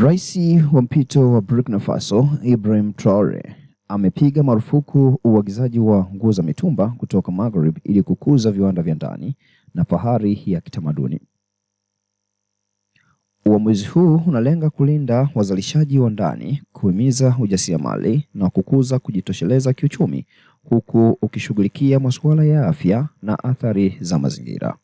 Rais wa mpito wa Burkina Faso Ibrahim Traore amepiga marufuku uagizaji wa nguo za mitumba kutoka Maghreb ili kukuza viwanda vya ndani na fahari ya kitamaduni. Uamuzi huu unalenga kulinda wazalishaji wa ndani, kuhimiza ujasiriamali na kukuza kujitosheleza kiuchumi, huku ukishughulikia masuala ya afya na athari za mazingira.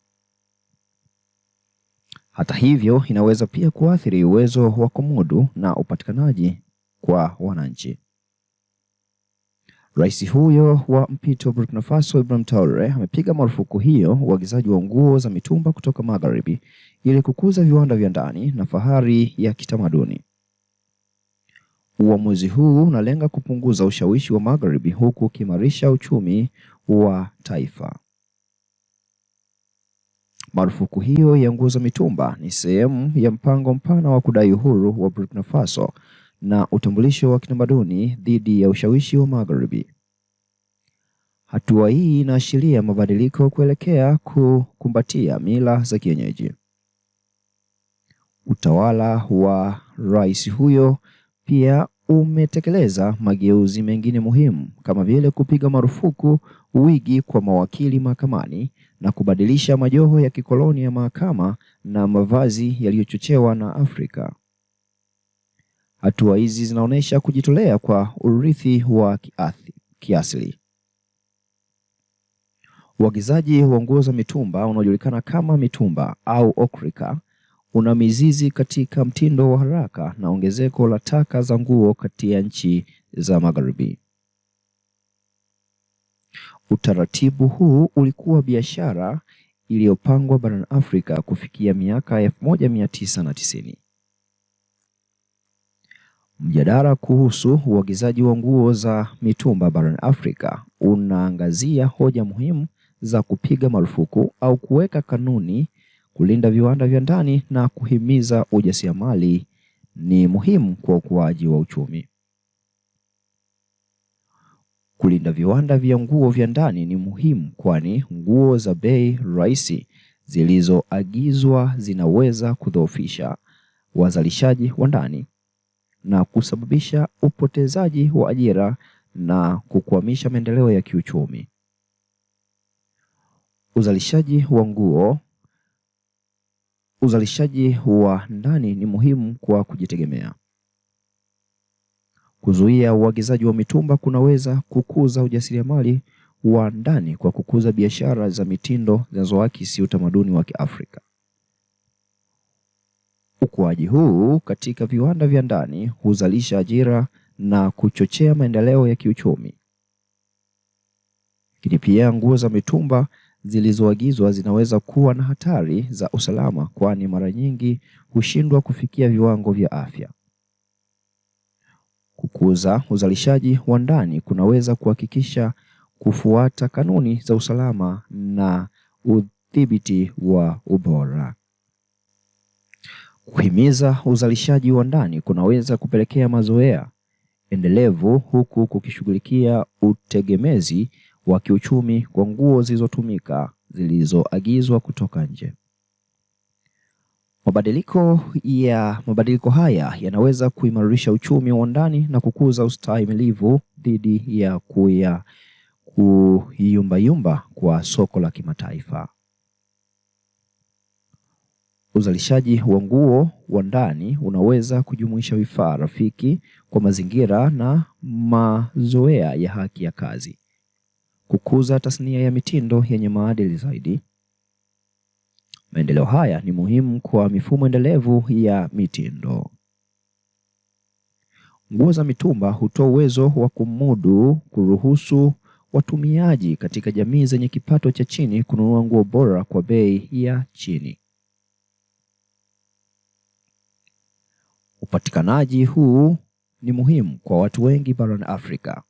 Hata hivyo, inaweza pia kuathiri uwezo wa kumudu na upatikanaji kwa wananchi. Rais huyo wa mpito Burkina Faso Ibrahim Traore amepiga marufuku hiyo uagizaji wa nguo za mitumba kutoka magharibi ili kukuza viwanda vya ndani na fahari ya kitamaduni. Uamuzi huu unalenga kupunguza ushawishi wa magharibi huku ukiimarisha uchumi wa taifa. Marufuku hiyo ya nguo za mitumba ni sehemu ya mpango mpana wa kudai uhuru wa Burkina Faso na utambulisho wa kitamaduni dhidi ya ushawishi wa Magharibi. Hatua hii inaashiria mabadiliko kuelekea kukumbatia mila za kienyeji. Utawala wa rais huyo pia umetekeleza mageuzi mengine muhimu kama vile kupiga marufuku wigi kwa mawakili mahakamani na kubadilisha majoho ya kikoloni ya mahakama na mavazi yaliyochochewa na Afrika. Hatua hizi zinaonyesha kujitolea kwa urithi wa kiasili. Uagizaji wa nguo za mitumba unaojulikana kama mitumba au okrika una mizizi katika mtindo wa haraka na ongezeko la taka za nguo kati ya nchi za Magharibi. Utaratibu huu ulikuwa biashara iliyopangwa barani Afrika kufikia miaka ya 1990. Mjadala kuhusu uagizaji wa nguo za mitumba barani Afrika unaangazia hoja muhimu za kupiga marufuku au kuweka kanuni, kulinda viwanda vya ndani na kuhimiza ujasiriamali ni muhimu kwa ukuaji wa uchumi. Kulinda viwanda vya nguo vya ndani ni muhimu kwani nguo za bei rahisi zilizoagizwa zinaweza kudhoofisha wazalishaji wa ndani na kusababisha upotezaji wa ajira na kukwamisha maendeleo ya kiuchumi. Uzalishaji wa nguo uzalishaji wa ndani ni muhimu kwa kujitegemea. Kuzuia uagizaji wa mitumba kunaweza kukuza ujasiriamali wa ndani kwa kukuza biashara za mitindo zinazoakisi utamaduni wa Kiafrika. Ukuaji huu katika viwanda vya ndani huzalisha ajira na kuchochea maendeleo ya kiuchumi. Lakini pia nguo za mitumba zilizoagizwa zinaweza kuwa na hatari za usalama kwani mara nyingi hushindwa kufikia viwango vya afya. Kukuza uzalishaji wa ndani kunaweza kuhakikisha kufuata kanuni za usalama na udhibiti wa ubora. Kuhimiza uzalishaji wa ndani kunaweza kupelekea mazoea endelevu huku kukishughulikia utegemezi wa kiuchumi kwa nguo zilizotumika zilizoagizwa kutoka nje. Mabadiliko ya mabadiliko haya yanaweza kuimarisha uchumi wa ndani na kukuza ustahimilivu dhidi ya kuya kuyumbayumba kwa soko la kimataifa. Uzalishaji wa nguo wa ndani unaweza kujumuisha vifaa rafiki kwa mazingira na mazoea ya haki ya kazi. Kukuza tasnia ya mitindo yenye maadili zaidi Maendeleo haya ni muhimu kwa mifumo endelevu ya mitindo. Nguo za mitumba hutoa uwezo wa kumudu kuruhusu watumiaji katika jamii zenye kipato cha chini kununua nguo bora kwa bei ya chini. Upatikanaji huu ni muhimu kwa watu wengi barani Afrika.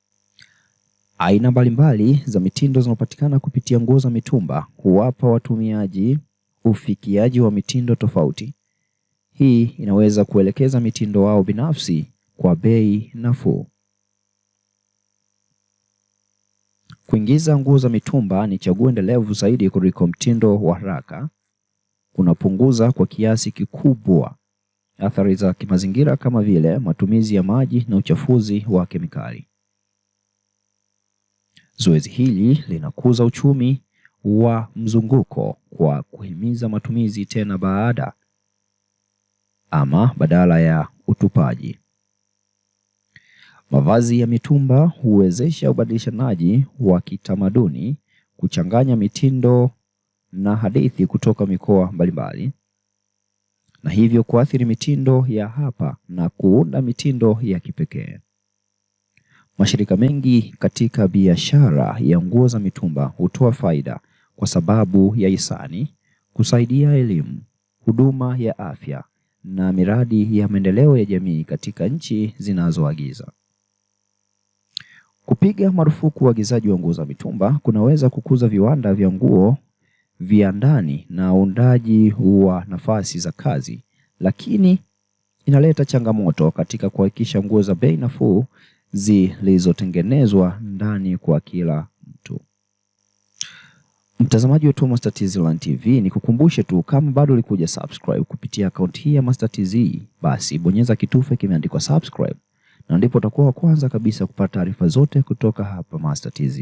Aina mbalimbali za mitindo zinazopatikana kupitia nguo za mitumba huwapa watumiaji ufikiaji wa mitindo tofauti. Hii inaweza kuelekeza mitindo wao binafsi kwa bei nafuu. Kuingiza nguo za mitumba ni chaguo endelevu zaidi kuliko mtindo wa haraka. Kunapunguza kwa kiasi kikubwa athari za kimazingira kama vile matumizi ya maji na uchafuzi wa kemikali. Zoezi hili linakuza uchumi wa mzunguko kwa kuhimiza matumizi tena baada ama badala ya utupaji. Mavazi ya mitumba huwezesha ubadilishanaji wa kitamaduni, kuchanganya mitindo na hadithi kutoka mikoa mbalimbali, na hivyo kuathiri mitindo ya hapa na kuunda mitindo ya kipekee. Mashirika mengi katika biashara ya nguo za mitumba hutoa faida kwa sababu ya hisani, kusaidia elimu, huduma ya afya na miradi ya maendeleo ya jamii katika nchi zinazoagiza. Kupiga marufuku uagizaji wa nguo za mitumba kunaweza kukuza viwanda vya nguo vya ndani na uundaji wa nafasi za kazi, lakini inaleta changamoto katika kuhakikisha nguo za bei nafuu zilizotengenezwa ndani kwa kila Mtazamaji wetu wa Master TZ Online TV, nikukumbushe tu kama bado ulikuja subscribe kupitia akaunti hii ya Master TZ, basi bonyeza kitufe kimeandikwa subscribe, na ndipo utakuwa wa kwanza kabisa kupata taarifa zote kutoka hapa Master TZ.